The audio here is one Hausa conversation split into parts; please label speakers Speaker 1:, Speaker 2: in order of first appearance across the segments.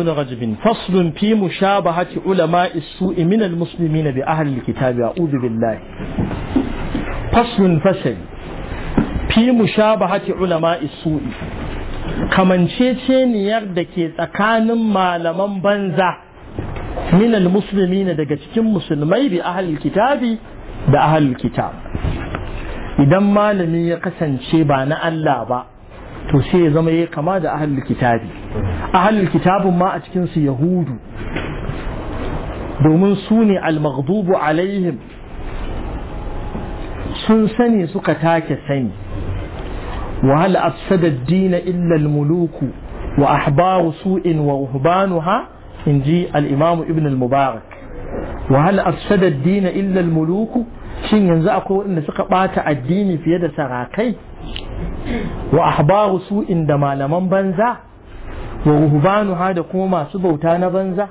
Speaker 1: بن رجب فصل في مشابهة علماء السوء من المسلمين بأهل الكتاب أعوذ بالله فصل فصل في مشابهة علماء السوء kamanceceniyar da ke tsakanin malaman banza minal musulmi ne daga cikin musulmai bi ahalul kitabi da ahalul kitab idan malami ya kasance ba na Allah ba to sai ya zama ya kama da ahalul kitabi ahalul kitabun ma a cikin su yahudu domin su ne almaghdubu alaihim sun sani suka take sani wa hal afsada ad-din illa al muluk wa ahbaru su'in wa ruhbanuha inji al-imam ibn al-mubarak wa hal afsada ad-din illa al muluk shin yanzu akwai wanda suka bata addini fiye da sarakai wa ahbaru su'in da malaman banza wa ha da kuma masu bauta na banza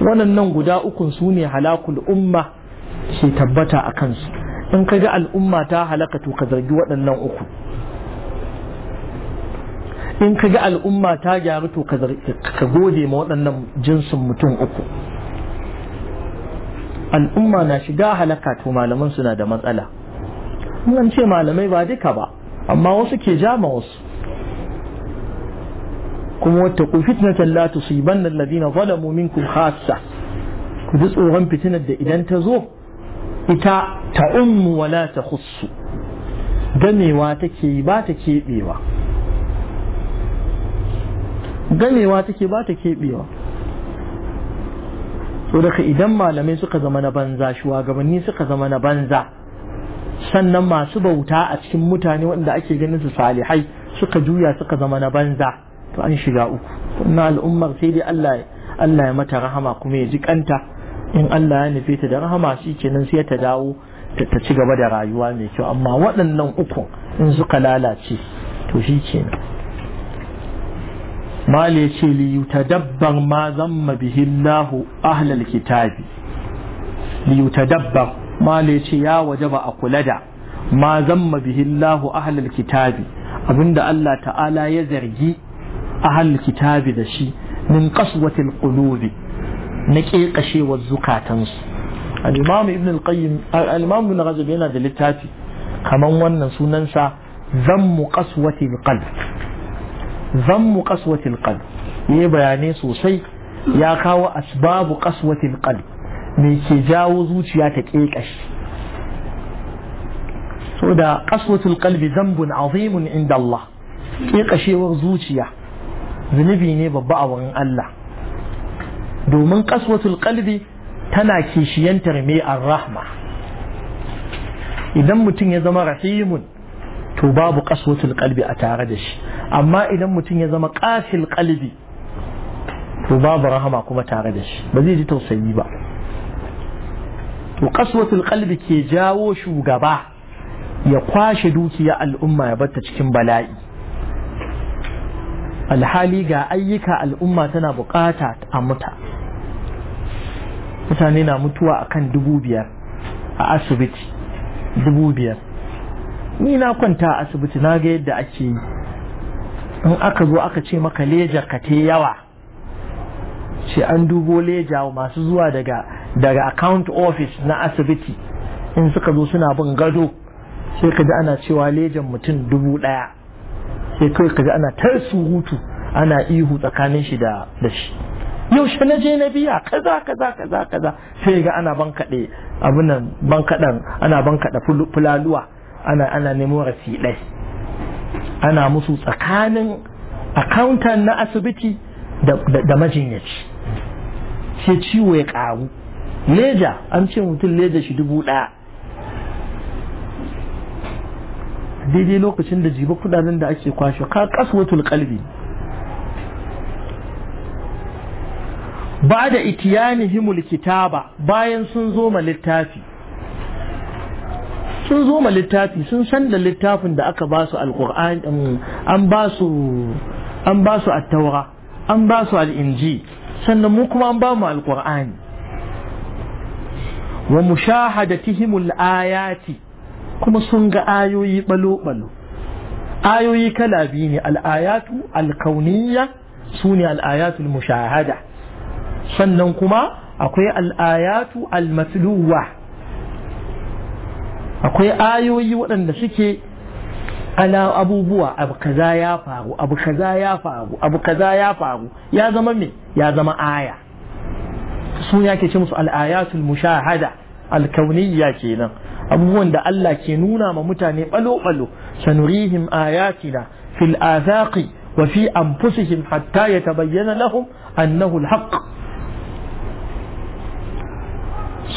Speaker 1: waɗannan guda ukun su ne halakul umma ke tabbata a kansu in ka ga al'umma ta halaka to ka zargi waɗannan uku in ka ga al'umma ta gyaru to ka gode ma waɗannan jinsin mutum uku al'umma na shiga halaka to malaman suna da matsala mun ce malamai ba duka ba amma wasu ke jama wasu kuma wata ku fitnatan la tusiban alladhina zalamu minkum khassa ku ji tsoron fitinar da idan ta zo ita ta ummu wala ta khussu gamewa take ba ta kebewa gamewa take ba ta kebewa so daga idan malamai suka zama na banza shugabanni suka zama na banza sannan masu bauta a cikin mutane wanda ake ganin su salihai suka juya suka zama na banza to an shiga uku na al'ummar sai dai Allah Allah ya mata rahama kuma ya ji kanta in Allah ya nufe ta da rahama shi kenan sai ta dawo ta ci gaba da rayuwa mai kyau amma waɗannan uku in suka lalace to shi kenan mal ya ce li yutadabbar ma zamma bihin lahu ahlal kitabi li dabbar. mala ya ce ya wajaba a kula da ma zamma bihi bihillahu ahlul kitabi abinda Allah ta'ala ya zargi ahlul kitabi da shi min qaswatil qulubi na kekashewar su al-imam ibn al-qayyim al-imam ibn rajab yana da littafi kaman wannan sunan sa zammu qaswatil qalb zammu qaswatil qalb ne bayane sosai ya kawo asbabu qaswatil qalb me ke jawo zuciya ta ƙeƙashi so da ƙaswatul kalbi zambun azimun inda Allah ƙeƙashewar zuciya zunubi ne babba a wurin Allah domin ƙaswatul kalbi tana kishiyantar mai rahma idan mutum ya zama rahimun to babu ƙaswatul kalbi a tare da shi amma idan mutum ya zama ƙasil kalbi to babu rahama kuma tare da shi ba zai ji tausayi ba to kaswatul qalbi ke jawo shugaba ya kwashe dukiya al'umma ya bata cikin bala'i alhali ga ayyuka al'umma tana bukata a muta mutane na mutuwa akan dubu biyar a asibiti dubu biyar ni na kwanta a asibiti na ga yadda ake yi in aka zo aka ce maka leja ka te yawa ce an dubo leja masu zuwa daga daga account office na asibiti in suka zo suna bin gado sai ka ana cewa lejan mutum dubu ɗaya sai kai ka ji ana ta surutu ana ihu tsakanin shi da shi yaushe na je na biya kaza kaza kaza kaza sai ga ana bankaɗe abunan kaɗan ana kaɗa fulaluwa ana ana nemo rasidai ana musu tsakanin accountant na asibiti da majinyaci sai ciwo ya ƙaru leja an ce mutum leja shi dubu ɗaya daidai lokacin da jiba kuɗaɗen da ake kwashe ka kaswatul kalbi ba da himul kitaba bayan sun zo ma littafi sun zo ma littafi sun san da littafin da aka ba su alkur'ani um, an ba su an ba an ba su al'inji sannan mu kuma an ba mu alkur'ani wa mushahadatihimul ayati kuma sun ga ayoyi balo-balo ayoyi kala biyu ne al'ayatu alkauniyya su ne al'ayatul mushahada sannan kuma akwai al'ayatu almatluwa akwai ayoyi waɗanda suke ala abubuwa abu kaza ya faru abu kaza ya faru abu kaza ya faru ya zama me ya zama aya su ne ake ce musu al'ayatul mushahada alkauniyya kenan abubuwan da Allah ke nuna ma mutane balo-balo sanurihim ayatina fil azaqi wa fi anfusihim hatta yatabayyana lahum annahu alhaq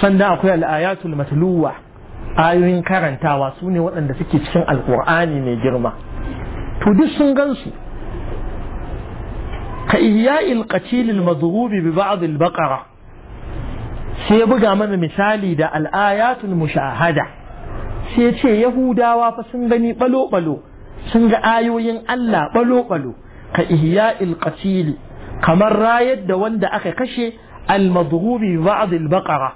Speaker 1: sannan akwai al'ayatul matluwa ayoyin karantawa su ne waɗanda suke cikin alkur'ani mai girma to duk sun gansu ka ihya'il qatilil madhubi bi ba'd al-baqara sai ya buga mana misali da al'ayatul mushahada sai ce yahudawa fa sun gani balo-balo sun ga ayoyin Allah balo-balo ka ihya'il qatili kamar rayar da wanda aka kashe al-madhubi ba'd al-baqara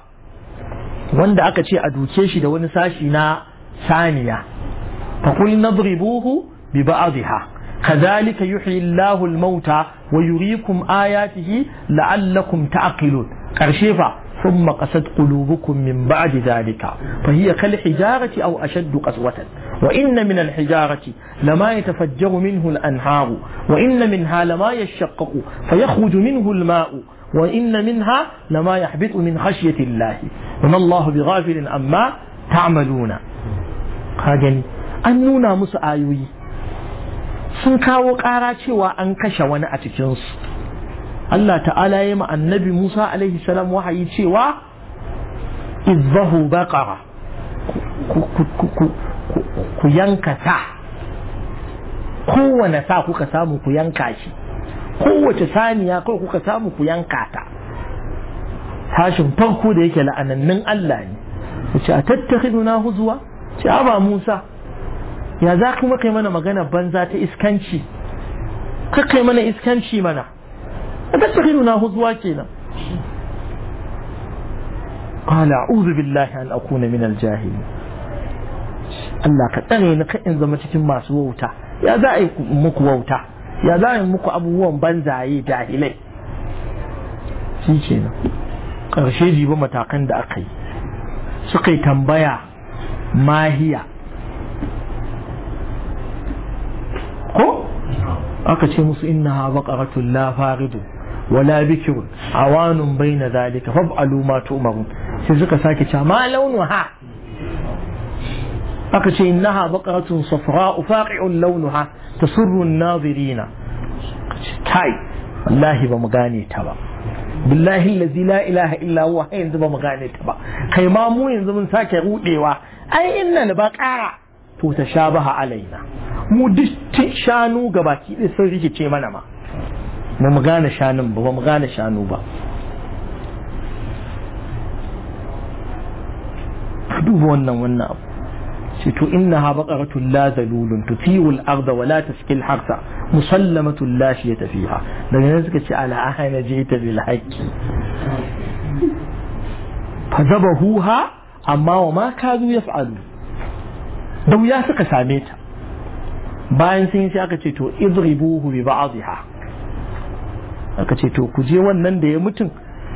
Speaker 1: wanda aka ce a duke shi da wani sashi na saniya fa qul nadribuhu bi ba'dihha كذلك يحيي الله الموتى ويريكم آياته لعلكم تعقلون قرشيفة ثم قست قلوبكم من بعد ذلك فهي كالحجارة أو أشد قسوة وإن من الحجارة لما يتفجر منه الأنهار وإن منها لما يشقق فيخرج منه الماء وإن منها لما يحبط من خشية الله وما الله بغافل أما تعملون kagani أنونا مسعيوي musu ayoyi sun kawo Allah ta'ala ya yi ma annabi Musa alaihi salam wahayi cewa izbahu baqara ku yanka ta kowane sa kuka samu ku yanka shi kowace saniya kawai kuka samu ku yanka ta tashin farko da yake la'anannin Allah ne wace a tattakhiduna na huzuwa ce aba Musa ya za kuma kai mana magana banza ta iskanci ka kai mana iskanci mana أتتخذنا na كينا قال أعوذ بالله أن أكون من الجاهلين Allah ka tsare ni ka in zama cikin masu wauta ya za a yi muku wauta ya za a yi muku abubuwan banzaye jahilai shi ke karshe ƙarshe matakan da aka yi suka yi tambaya mahiya ko aka ce musu inna ha baƙaratun la faridu wala bikir awanun baina zalika fa'alu ma tu'maru sai suka sake cewa ma launuha aka ce innaha baqaratun safra'u faqi'un launuha tasurru an-nazirina kai wallahi ba mu gane ta ba billahi allazi la ilaha illa huwa yanzu ba mu gane ta ba kai ma mu yanzu mun sake rudewa ai inna baqara to tashabaha alaina mu duk shanu baki ɗaya sun rikice mana ma ممغان شانم با ممغان شانو با خدو بوانا وانا تو إنها بقرة لا ذلول تثير الأرض ولا تسقي الحرس مسلمة لا شية فيها لنزك على أهل جئت بالحج فذبهوها أما وما كادوا يفعلوا دو ياسق ساميتا باين سينسي أقتي اضربوه ببعضها aka ce to ku je wannan da ya mutum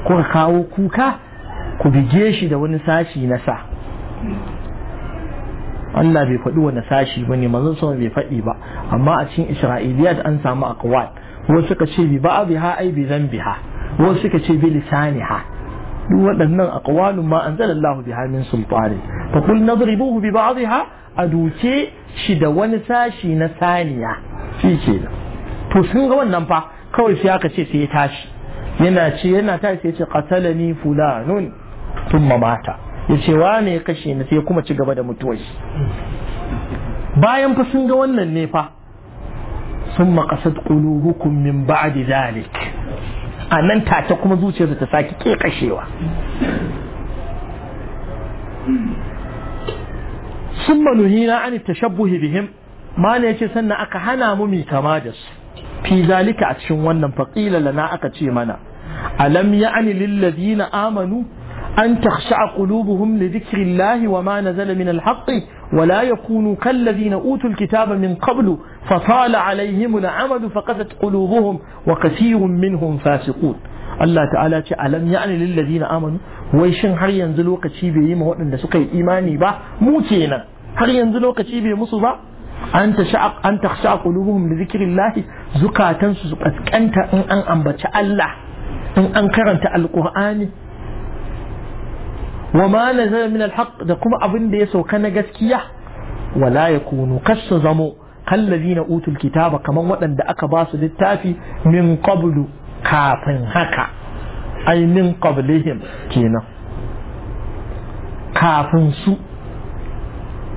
Speaker 1: ku kawo kuka ku bige shi da wani sashi na sa Allah bai faɗi wani sashi bane manzon sama bai faɗi ba amma a cikin Isra'iliyat an samu aqwal wasu suka ce bi ba biha ai bi zambiha wasu suka ce bi lisaniha duk waɗannan aqwalun ma anzalallahu biha min sultani fa qul nadribuhu bi ba'dha a duke shi da wani sashi na saniya shi ke to sun ga wannan fa kawai sai aka ce sai ya tashi yana ce yana tashi sai ya ce qatalani fulanun thumma mata ya ce ne ya kashe ni sai kuma ci gaba da mutuwa shi bayan fa sun ga wannan ne fa sun maƙasar ƙulubukum min ba'di zalik a nan tata kuma zuciyarsa ta sake ke kashewa sun manuhina an tashabbuhi bihim ma ne ya ce sannan aka hana mu mi kama da su fi zalika a cikin wannan faqila lana aka ce mana alam ya'ni lil ladina amanu an takhsha'a qulubuhum li dhikrillahi wa ma nazala min al-haqq wa la yakunu kal ladina utul kitaba min qablu fa tala alayhim al-amadu faqadat qulubuhum wa kathirun minhum fasiqun Allah ta'ala ce alam ya'ni lil ladina amanu wai shin har yanzu lokaci bai yi ma waɗanda suka yi imani ba mu kenan har yanzu lokaci bai musu ba an ta a an takhsha qulubuhum li zukatan su kaskanta in an ambaci Allah in an karanta Alƙur'ani. wa ma nazala min alhaq da kuma abin da ya sauka na gaskiya wala yakunu kasu zamo kallazina utul kitaba kaman waɗanda aka ba su littafi min qablu kafin haka ai min qablihim kenan kafin su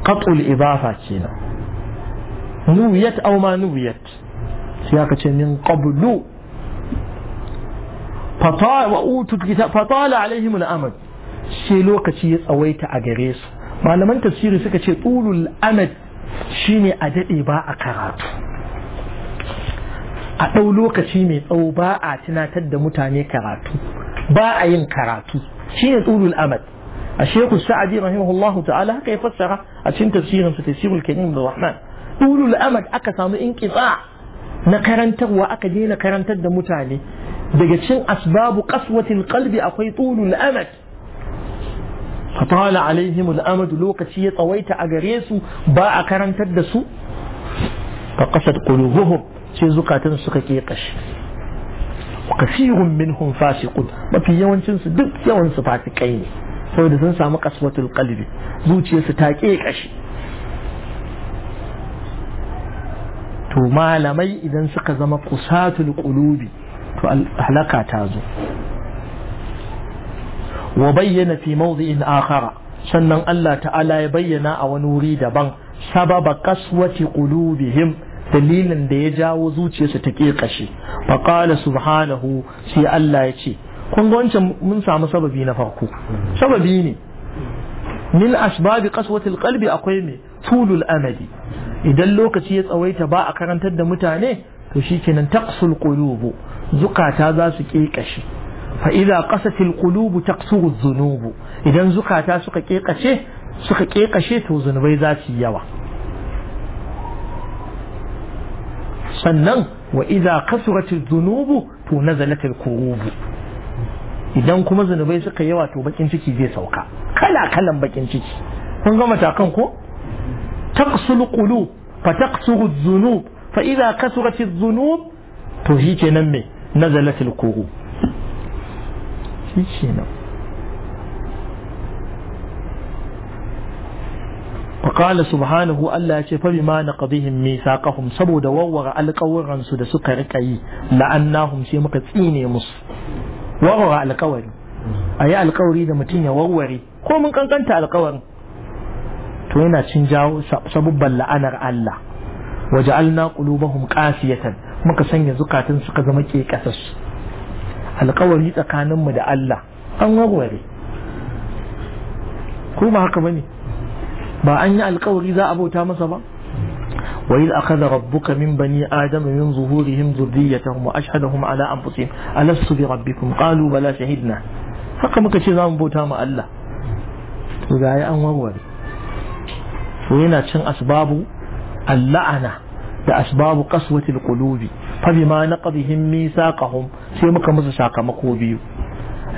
Speaker 1: qatul idafa kenan nuwiyat aw ma nuwiyat sai aka ce min qablu fatala alaihim al'amad sai lokaci ya tsawaita a gare su malaman tafsiri suka ce tulul amad shine a dade ba a karatu a ɗau lokaci mai tsawo ba a tunatar da mutane karatu ba a yin karatu shine tulul amad a shehu sa'adi rahimahullahu ta'ala haka ya fassara a cikin tafsirin sa tafsirul karim da rahman tulul amad aka samu inqita na karantarwa aka daina karantar da mutane daga cin asbabu qaswatil qalbi akwai tulul amad fatala alaihim al'amad lokaci ya tsawaita a gare su ba a karantar da su fa qasat qulubuhum sai zukatan suka kekashi Kasirun minhum fasiqun mafi yawancin su duk yawan su fasikai ne saboda sun samu qaswatul qalbi zuciyarsu ta kekashi to malamai idan suka zama kusatul qulubi to halaka ta zo wa bayyana fi mawdhi'in akhara sannan Allah ta'ala ya bayyana a wani wuri daban sababa kaswati qulubihim dalilin da ya jawo zuciyarsu ta kekashe fa qala subhanahu sai Allah ya ce kun wancan mun samu sababi na farko sababi ne min asbabi qaswati alqalbi akwai me tulul amadi idan lokaci ya tsawaita ba a karantar da mutane to shikenan taqsul qulubu zukata za su kekashi fa idza qasatil qulubu taqsuru dhunubu idan zukata suka kekashe suka kekashe to zunubai za su yawa sannan wa idza kasuratil dhunubu to nazalatil kurubu idan kuma zunubai suka yawa to bakin ciki zai sauka kala kalan bakin ciki kun ga matakan ko تقسو القلوب فتقسو الذنوب فإذا كثرت الذنوب تهيك نمي نزلت الكروب وقال سبحانه ألا شف بما نقضهم ميثاقهم سبو دورور القورن سد سكر كي لأنهم سي مقتيني مس ورور القوري أي القوري إذا متين يوروري كو من كان كانت القوري to yana cin jawo sabubban la'anar Allah Waje waja'alna qulubahum qasiyatan muka sanya zukatun suka zama ke kekasas alƙawari tsakaninmu da Allah an warware ko ba haka bane ba an yi alƙawari za a bauta masa ba وإذ أخذ ربك من بني آدم من ظهورهم ذريتهم وأشهدهم على أنفسهم ألست بربكم قالوا بلى شهدنا haka muka ce za mu bauta ma Allah to an warware to yana cin asbabu alla'ana da asbabu qaswatil qulubi fa bima naqdihim misaqahum sai muka musu sakamako biyu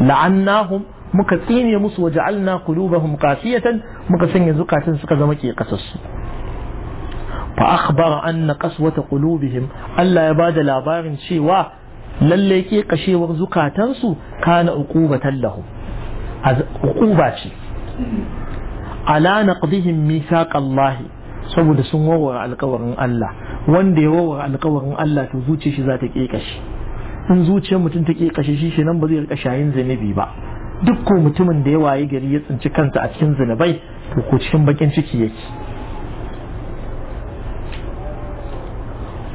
Speaker 1: la'annahum muka tsine musu wa ja'alna qulubahum qasiyatan muka sanya zukatan suka zama ke kasassu fa akhbara anna qaswata qulubihim Allah ya bada labarin cewa lalle ke kashewar zukatansu kana uqubatan lahum uquba ce ala naqdihim mithaq Allah saboda sun warware alkawarin Allah wanda ya warware alkawarin Allah to zuciyar shi za ta kekashi in zuciyar mutum ta kekashe shi shi nan ba zai rika shayin zanibi ba duk ko mutumin da ya waye gari ya tsinci kansa a cikin zanabai to ko cikin bakin ciki yake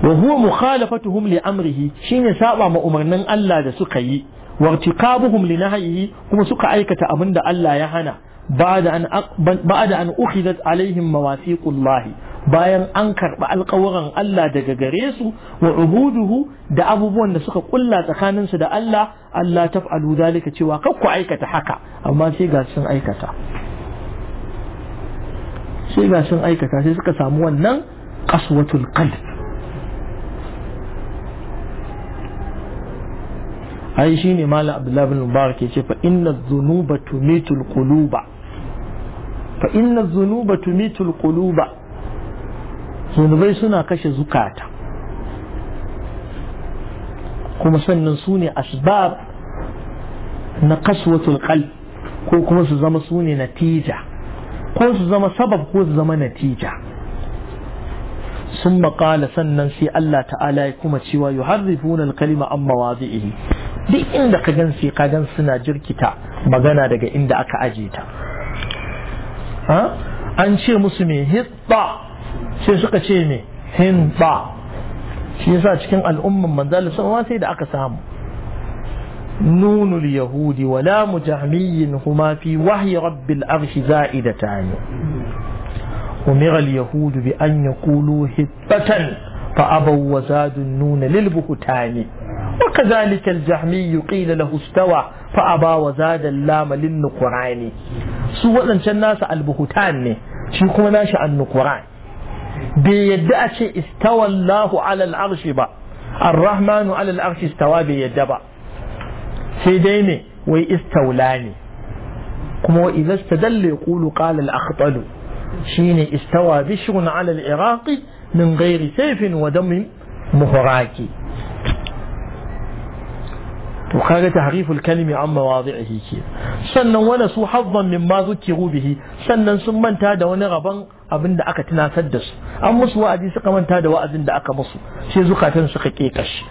Speaker 1: wa huwa mukhalafatuhum li amrihi shine saba ma umarnin Allah da suka yi wa irtikabuhum li nahyihi kuma suka aikata abin da Allah ya hana بعد أن an أن أخذت عليهم مواثيق الله bayan an karɓi alkawuran Allah daga gare su wa ubuduhu da abubuwan da suka kulla tsakaninsu da Allah Allah ta fa'alu zalika cewa kar aikata haka amma sai ga sun aikata sai ga sun aikata sai suka samu wannan kaswatul qalb ai shine malam Abdullah bin Mubarak ce, fa inna dhunuba tumitul quluba fa inna zunuba tumitul quluba zunubai suna kashe zukata kuma sannan su ne asbab na kaswatul qalb ko kuma su zama su ne natija ko su zama sabab ko su zama natija sun maƙala sannan sai Allah ta'ala ya kuma cewa yi harrifuna alkalima an mawazi'ihi duk inda ka gan sai ka gan suna jirkita magana daga inda aka aje ta an ce musu me hitta sai suka ce me hinta shi yasa cikin al'umman manzalin sama sai da aka samu نون اليهود ولا مجهمي هما في وحي رب العرش زائدتان أمر اليهود بأن يقولوا هبة فأبوا وزادوا النون للبهتان وكذلك الجهمي قيل له استوى فأبى وزاد اللام للنقران su waɗancan nasa albuhutan ne shi kuma nashi annuquran bai yadda a ce istawallahu ala al'arshi ba arrahmanu ala al'arshi istawa bai yadda ba sai dai ne wai istawla ne kuma wa idza istadalla yaqulu qala al shine istawa bishrun ala al-iraqi min ghairi sayfin wa damin muharaki to تحريف tahriful عن مواضعه mawadi'ihi ke sannan wani su hazzan min ma zukiru bihi sannan sun manta da wani rabon abin da aka tunasar da su an musu wa'azi suka manta da wa'azin da aka musu sai zukatan suka kekashi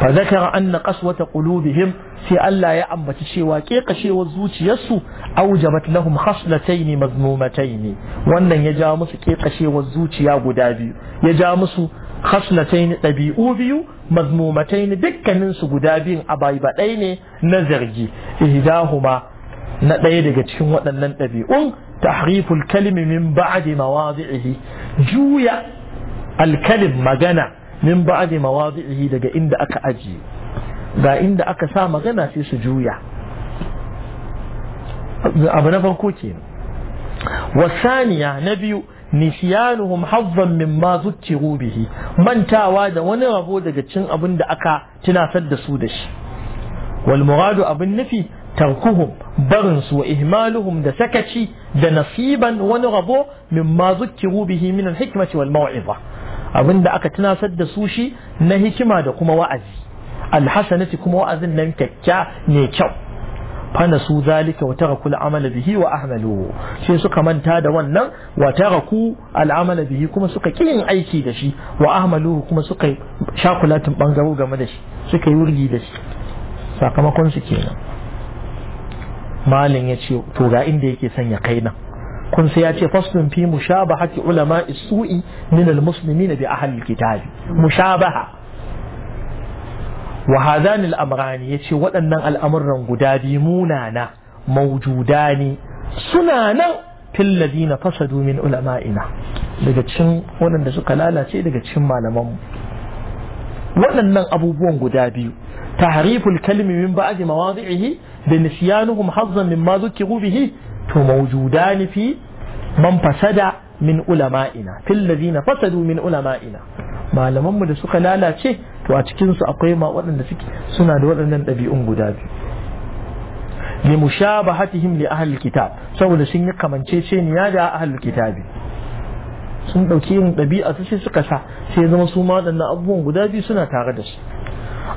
Speaker 1: fa zakara anna qaswata qulubihim sai Allah ya ambaci cewa kekashewar zuciyarsu aujabat lahum khaslatayn mazmumatayn wannan ya ja musu kekashewar zuciya guda biyu ya ja musu khaslatayn ɗabi'u biyu mazmumatayn dukkanin su guda biyu. abai ne na zargi ihdahuma na ɗaya daga cikin waɗannan ɗabi'un tahriful kalimi min ba'di mawadi'ihi juya alkalim magana min ba'di mawadi'ihi daga inda aka ajiye ga inda aka sa magana sai su juya abu na farko ke wasaniya na biyu nisyanuhum hazzan mimma zukkiru bihi mantawa da wani rabo daga cin abin da aka tunasar da su da shi wal muradu abin nufi tarkuhum barin su wa ihmaluhum da sakaci da nasiban wani rabo mimma zukkiru bihi min al hikmati wal mau'iza abin da aka tunasar da su shi na hikima da kuma wa'azi al hasanati kuma wa'azin nan kyakkya ne kyau fanasu zalika wa taraku al'amala bihi wa ahmalu shi suka manta da wannan wa taraku al'amala bihi kuma suka yin aiki da shi wa ahmalu kuma suka shakulatin bangaro game da shi suka yi wurgi da shi sakamakon su kenan malin ya ce to ga inda yake son ya kai nan kun sai ya ce faslun fi mushabahati ulama isu'i min al-muslimin bi ahli kitabi mushabaha wa hadan al-amrani yace waɗannan al'amuran guda biyu munana mawjudani suna nan fil ladina fasadu min ulama'ina daga cikin waɗanda suka lalace daga cikin malaman waɗannan abubuwan guda biyu tahriful kalmi min ba'd mawadi'ihi da nisyanuhum hazzan mimma dhukiru bihi to maujudani fi man fasada min ulama'ina fil ladina fasadu min ulama'ina malaman mu da suka lalace to a cikinsu akwai ma waɗanda suke suna da waɗannan ɗabi'un guda biyu li mushabahatihim li ahlil kitab saboda sun yi kamanceceniya da ahlil kitabi sun ɗauki yin ɗabi'a su sai suka sa sai zama su ma waɗannan abubuwan guda biyu suna tare da su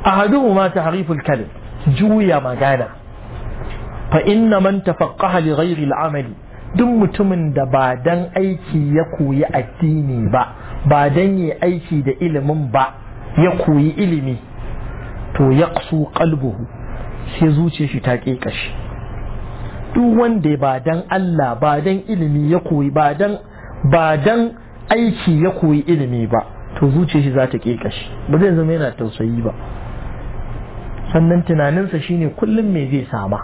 Speaker 1: ahaduhu ma tahriful kalim juya magana fa inna man tafaqqaha li ghairi al-amali duk mutumin da ba dan aiki ya koyi addini ba ba dan yi aiki da ilimin ba ya koyi ilimi to ya su kalbuhu sai zuce shi ta ƙeƙashi duk wanda ba dan Allah ba dan ilimi ya koyi ba dan aiki ya koyi ilimi ba to zuce shi za ta ƙeƙashi ba zai zama yana tausayi ba sannan tunaninsa shine kullum me zai sama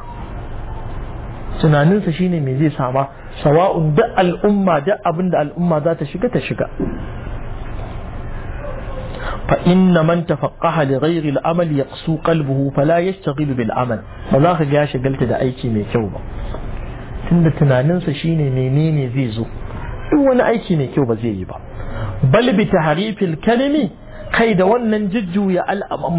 Speaker 1: tunaninsa shine me zai sama sawa'un duk al'umma duk abinda al'umma za ta shiga ta shiga فإن من تفقه لغير العمل يقسو قلبه فلا يشتغل بالعمل فذاك يا شغلت da aiki mai kyau ba tunda tunaninsa shine menene zai zo In wani aiki mai kyau ba zai yi ba Balbi bi tahrifil kalimi kai da wannan jujjuya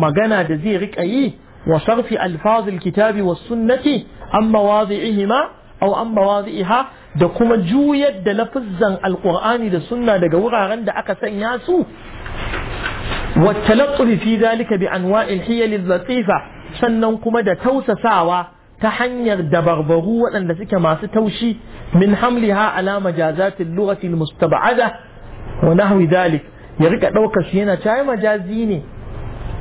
Speaker 1: magana da zai rika yi wa sarfi alfazil kitabi wa sunnati an mawadhi'ihima aw da kuma juyar da lafazzan Alƙur'ani da sunna daga wuraren da aka sanya su والتلطف في ذلك بانواع الحيل اللطيفه سنن كما دا توسساوا تا hanyar دبغبغو ودان سيكه ماسو توشي من حملها على مجازات اللغه المستبعده ونحو ذلك يرقى دوكا شي ينا تشاي مجازي ني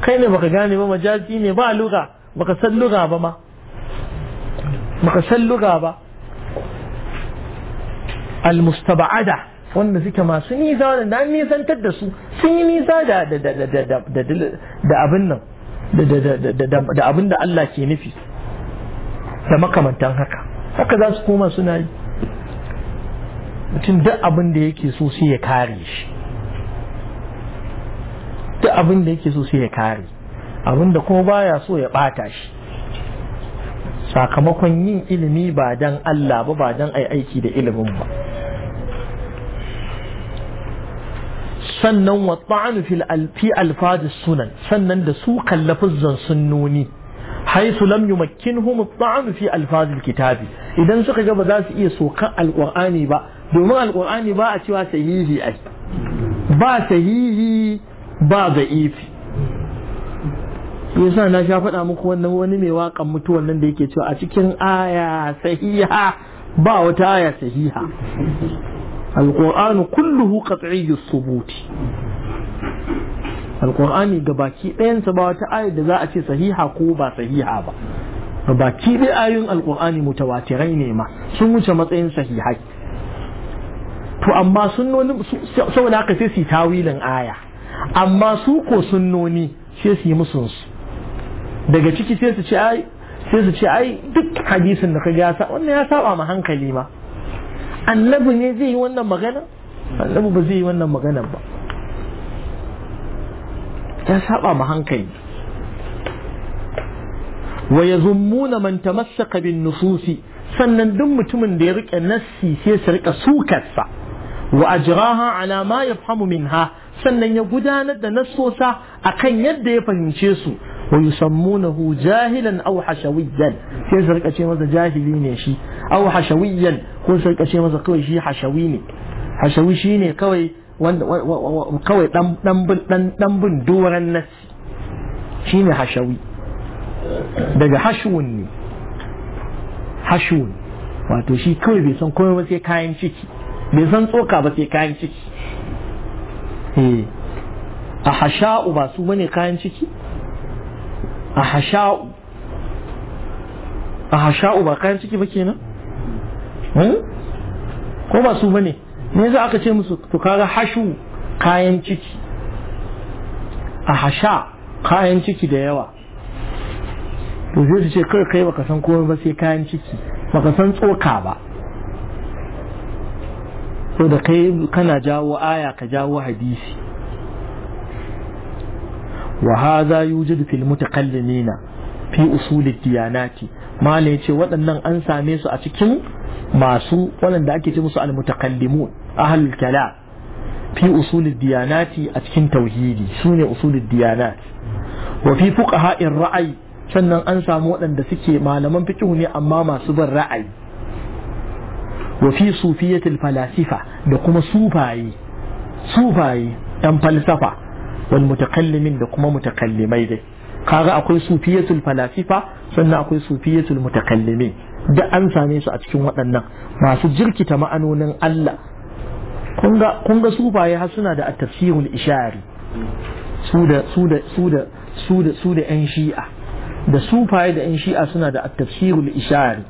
Speaker 1: kai ne baka gane ba majazi ne ba luga baka san luga ba ma baka san luga ba al mustaba'ada wanda suke masu nisa wanda an nisantar da su sun yi nisa da abin nan da abin da Allah ke nufi da makamantan haka haka za su koma suna yi mutum duk abin da yake so sai ya kare shi duk abin da yake so sai ya kare abin da kuma baya so ya bata shi sakamakon yin ilimi ba dan Allah ba ba don ai aiki da ilimin ba sannan wa ta'anu fil sunan sannan da su kallafin sunnoni haisu lam yumakkinhum at-ta'anu fi alfaz kitabi. idan suka ga ba za su iya sokan alqur'ani ba domin alqur'ani ba a cewa sahihi ai ba sahihi ba da'ifi yasa na sha faɗa muku wannan wani mai waƙan mutuwan nan da yake cewa a cikin aya sahiha ba wata aya sahiha alƙur'anu kulluhu qat'iyyu subuti alƙur'ani ga baki ɗayansa ba wata ayar da za a ce sahiha ko ba sahiha ba ga baki ɗaya ayoyin alƙur'ani mutawatirai ne ma sun wuce matsayin sahihai to amma sunnoni saboda haka sai su yi tawilin aya amma su ko sunoni sai su yi musun daga ciki sai su ce ai sai su ce ai duk hadisin da ka ya saba ma hankali ma annabi ne zai yi wannan magana annabi ba zai yi wannan magana ba Ya saba ma hankali wa yazummuna man tamassaka bin nususi sannan duk mutumin da ya rike nassi sai su rika sukarsa wa ajraha ala ma yafhamu minha sannan ya gudanar da nassosa akan yadda ya fahimce su ويسمونه جاهلا او حشويا كيف سرق شيء مثلا جاهلي شي او حشويا كون سرق شيء مثلا كوي شي حشوي ني حشوي شي ني كوي وان كوي دم دم بن دم دم بن دور الناس شي ني حشوي daga hashun ne hashun wato shi kawai bai san komai ba sai kayan ciki bai san tsoka ba sai kayan ciki a hasha'u ba su a hasha'u ba kayan ciki ba kenan hmm? ko ba su bane ne za aka ce musu to kaga hashu kayan ciki a hasha kayan ciki da yawa to zai su ce kai kai baka san komai ba sai kayan ciki baka san tsoka ba so da kai kana jawo aya ka jawo hadisi وهذا يوجد في المتكلمين في أصول الديانات ما ليش waɗannan an same su a cikin masu waɗanda ake ce musu almutakallimun ahlul kalam fi usul diyanati a cikin tauhidi sune usul diyanat wa fi fuqaha'ir ra'ayi sannan an samu waɗanda suke malaman fiqh ne amma masu ban ra'ayi wa fi sufiyatil falasifa da kuma sufaye sufaye ɗan falsafa wal mutakallimin da kuma mutakallimai dai kaga akwai sufiyatul falasifa sannan akwai sufiyatul mutakallimin da an same su a cikin waɗannan masu jirkita ma'anonin Allah kun ga sufaye har suna da tafsirul ishari su da su da su da su da su da yan shi'a da sufaye da yan shi'a suna da tafsirul ishari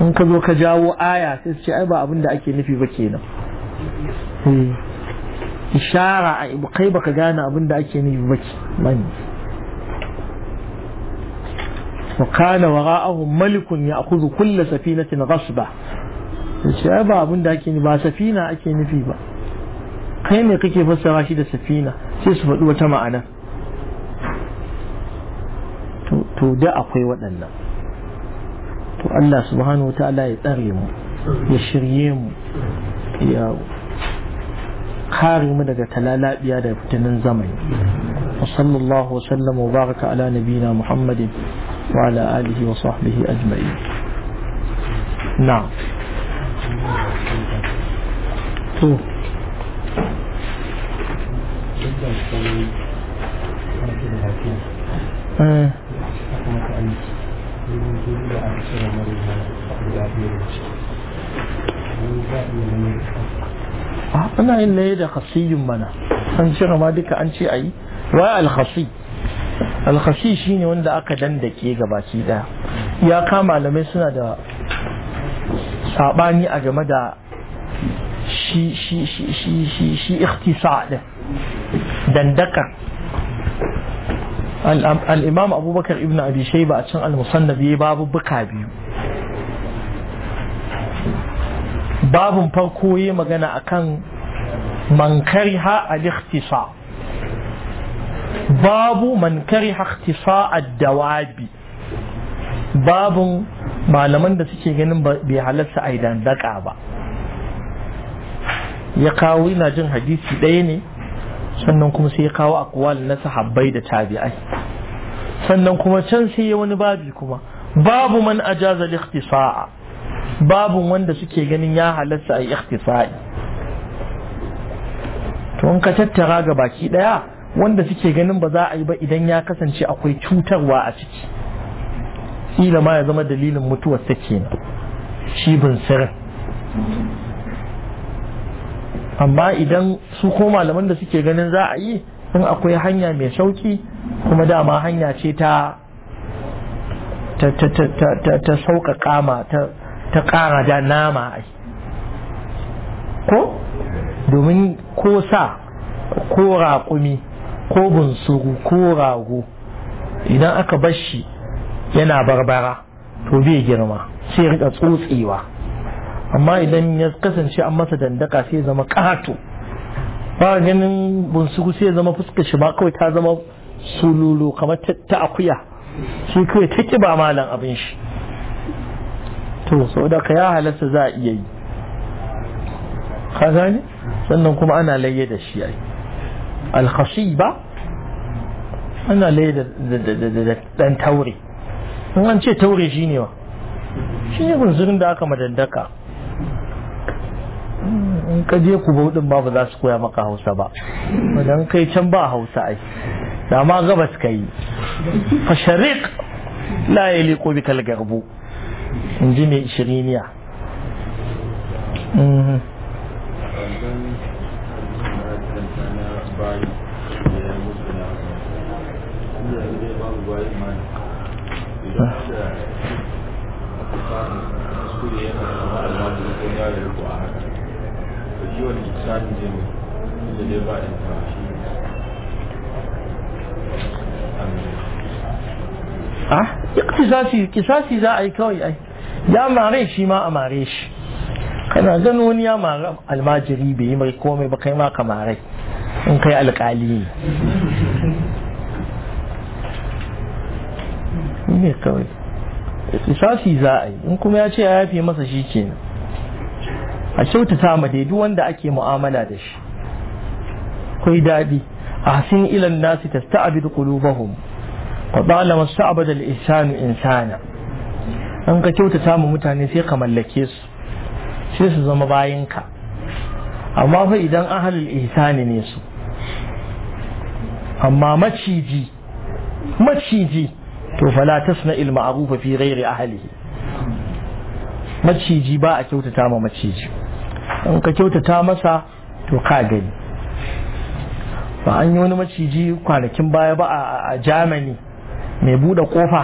Speaker 1: in ka zo ka jawo aya sai su ce ai ba abin da ake nufi ba kenan hmm. ishara a kai baka gane abin da ake nufi ba baki mani wa kana wara'ahum malikun ya'khudhu kulla safinatin ghasba sai ba abin da ake nufi ba safina ake nufi ba kai ne kake fassara shi da safina sai su faɗi wata ma'ana to da akwai waɗannan to Allah subhanahu wa ta'ala ya tsare mu ya shirye mu ya kare mu daga talalabiya da fitinin zamani wa sallallahu wa sallam wa baraka ala nabina muhammadin wa ala alihi wa sahbihi ajma'in na'am
Speaker 2: to Thank you.
Speaker 1: ana yin laye da khasiyun mana an ce ma duka an ce ayi wa alkhasi shi shine wanda aka dandake gabaki daya ya ka malamai suna da sabani a game da shi shi shi shi shi al-imam abubakar ibn abi shayba a can al-musannaf yayi babu buka biyu babin farko yi magana akan man ha al-ikhtisa babu man ha ikhtisa ad-dawabi babun malaman da suke ganin bai halarta a idan daka ba ya kawo ina jin hadisi ɗaya ne sannan kuma sai ya kawo akwal na sahabbai da tabi'ai sannan kuma can sai ya wani babi kuma babu man ajaza al babun wanda suke ganin ya halatta a ikhtisa'i to in ka tattara ga baki daya wanda suke ganin ba za a yi ba idan ya kasance akwai cutarwa a ciki ila ma ya zama dalilin mutuwar ta ke shi bin amma idan su ko malaman da suke ganin za a yi in akwai hanya mai sauki kuma dama hanya ce ta ta sauƙaƙa ma ta ƙara da nama ai ko domin ko sa ko raƙumi ko bunsuru ko rago idan aka bar yana barbara to bai girma sai rika tsotsewa amma idan ya kasance an masa dandaka sai zama ƙato ba ganin bunsuru sai zama fuska shi ba kawai ta zama sululu kamar ta akuya sai kawai ta ƙiba malam abin shi to sau da ka ya halasta za a iya yi ka gane sannan kuma ana laye da shi ai alkhashi ba ana laye da dan taure in an ce taure shi ne wa shi ne gunzurin da aka madandaka in ka je ku baudin ba ba za su koya maka hausa ba wadan kai can ba hausa ai da ma gabas ka yi fasharik la ya liko bi kalgarbu in ji mai shiriniya
Speaker 2: mhm. Ah? ah? iqtisasi
Speaker 1: kisasi za a yi kawai ai ya mare shi ma a mare shi kana ganin wani ya mare almajiri bai yi mai komai ba kai ma ka mare in kai alkali ne ne kawai kisasi za a yi in kuma ya ce ya yafe masa shi kenan a kyautata ma dai wanda ake mu'amala da shi akwai daɗi a hasin ilan nasi ta sta'abidu qulubahum وطالما استعبد الإنسان إنسانا an ka kyautata ma mutane sai ka mallake su sai su zama bayinka amma fa idan ahalul isani ne su amma maciji maciji to fala tasna il ma'rufa fi ghairi ahlihi maciji ba a kyautata ma maciji an ka kyautata masa to ka gani ba an yi wani maciji kwanakin baya ba a Germany mai buɗe ƙofa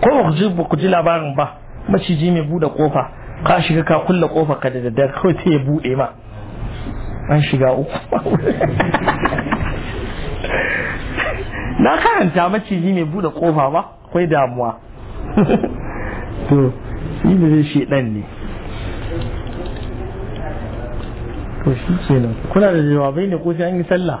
Speaker 1: ko ba ku ji labarin ba maciji mai buɗe ƙofa ka shiga ka kulle ƙofa ka da daddare kawai sai ya buɗe ma an shiga uku na karanta maciji mai buɗe ƙofa ba akwai damuwa to shi ne zai shi ɗan ne to shi kenan kuna da jawabai ne ko sai an yi sallah